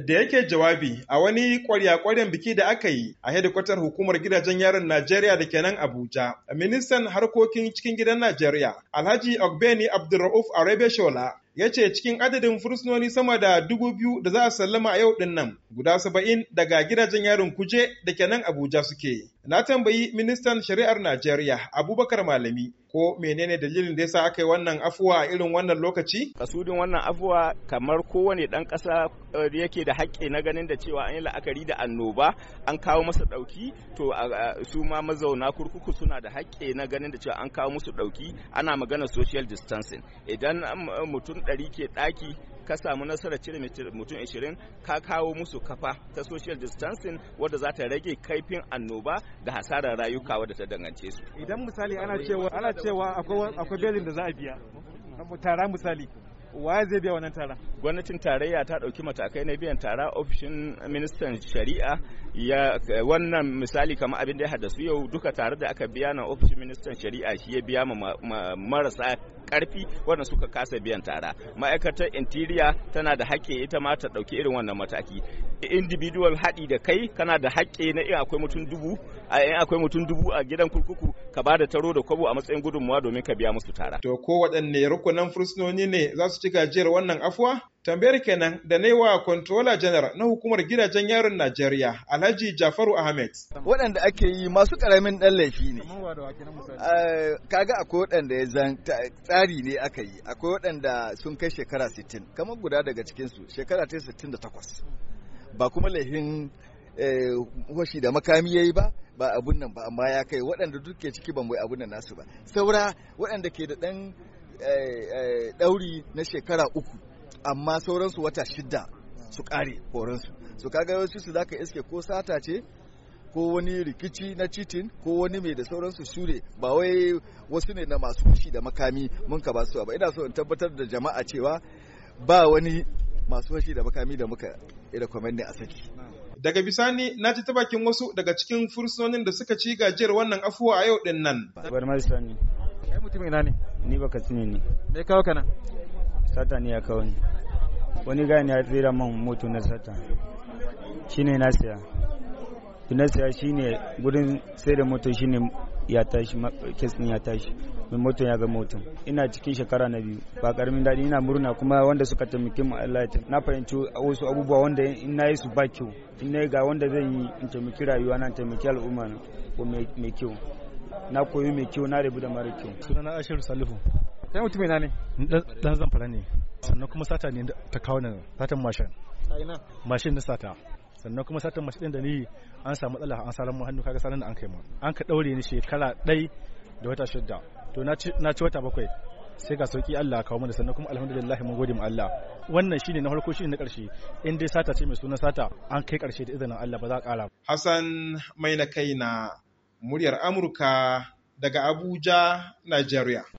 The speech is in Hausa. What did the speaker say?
da yake jawabi a wani kwarya-kwaryan biki da aka yi a hedikwatar hukumar gidajen yaron Najeriya da kenan Abuja. Ministan harkokin cikin gidan Najeriya, Alhaji Ogbeni Abdulrauf Arebe Shola, ya ce cikin adadin fursunoni sama da dubu biyu da za a sallama a yau din nan guda saba'in daga gidajen yarin kuje da kenan Abuja suke. Na tambayi ministan shari'ar Najeriya Abubakar Malami ko menene dalilin da yasa aka yi wannan afuwa a irin wannan lokaci? Kasudin wannan afuwa kamar kowane ɗan ƙasa eh, yake da haƙƙi na ganin da cewa an yi la'akari da annoba an kawo masa ɗauki to su ma mazauna kurkuku suna da haƙƙi na ganin da cewa an kawo musu ɗauki ana magana social distancing idan um, mutum ɗari ke ɗaki ka samu nasarar cire mutum 20 ka kawo musu kafa ta social distancing wadda za ta rage kaifin annoba da hasarar rayuka wadda ta dangance su idan misali ana cewa ana cewa akwai belin da za a biya tara misali wa zai biya wannan tara gwamnatin tarayya ta ɗauki matakai na biyan tara ofishin ministan shari'a ya wannan misali kamar abin da ya haddasu yau duka tare da aka biya na ofishin ministan shari'a shi ya biya ma marasa karfi wanda suka kasa biyan tara ma'aikatar interior tana da haƙƙi ita ma ta ɗauki irin wannan mataki individual haɗi da kai kana da haƙƙi na in akwai mutum dubu a in akwai mutum dubu a gidan kurkuku ka ba da taro da kwabo a matsayin gudunmuwa domin ka biya musu tara to ko waɗanne rukunan fursunoni ne za su ci gajiyar wannan afuwa Tambayar kenan da na yi wa Kontrola General na hukumar gidajen yaron Najeriya, Alhaji Jafaru Ahmed. Waɗanda ake yi masu ƙaramin ɗan laifi ne. Kaga eh, akwai waɗanda ya zan tsari ne aka yi, akwai waɗanda sun kai shekara 60, kamar guda daga cikinsu shekara ta 68. Ba kuma laifin hoshi eh, da makami ya yi ba, ba abun nan ba amma ya kai waɗanda duke ciki ban bai abun nan nasu ba saura waɗanda ke da ɗan eh, ɗauri na shekara uku amma sauransu wata shidda su kare horonsu su kaga wasu su zaka iske ko sata ce ko wani rikici na citin ko wani mai da sauransu shure ba wai wasu ne na masu fushi da makami mun ka ba su ba ina so in tabbatar da jama'a cewa ba wani masu fushi da makami da muka ira ne a saki daga bisani na ji tabakin wasu daga cikin fursunonin da suka ci gajiyar wannan afuwa a yau din nan bar mai sani kai mutumin ina ne ni baka tsine ne me kawo kana sata ne ya kawo ni wani gani ya tsira man moto na sata shine na siya na siya ne gudun sai da moto ne ya tashi kes ya tashi mai moto ya ga moto ina cikin shekara na biyu ba karamin daɗi ina murna kuma wanda suka taimake mu Allah ya na fahimci wasu abubuwa wanda in na yi su ba kyau in na ga wanda zan yi in taimaki rayuwa na taimaki al'umma ko mai kyau na koyi mai kyau na rabu da mara kyau sunana ashiru salifu kai mutum ne dan zamfara ne sannan kuma sata ne ta kawo nan satan mashin mashin na sata sannan kuma satan mashin da ni an samu matsala an sarar hannu kaga sanan da an kai mu an ka daure ni shekara ɗai da wata shidda to na ci wata bakwai sai ga sauki Allah kawo mana sannan kuma alhamdulillah mun gode mu Allah wannan shine na farko shine na karshe in dai sata ce mai suna sata an kai karshe da izinin Allah ba za a kara Hassan mai na kai na muryar Amurka daga Abuja Nigeria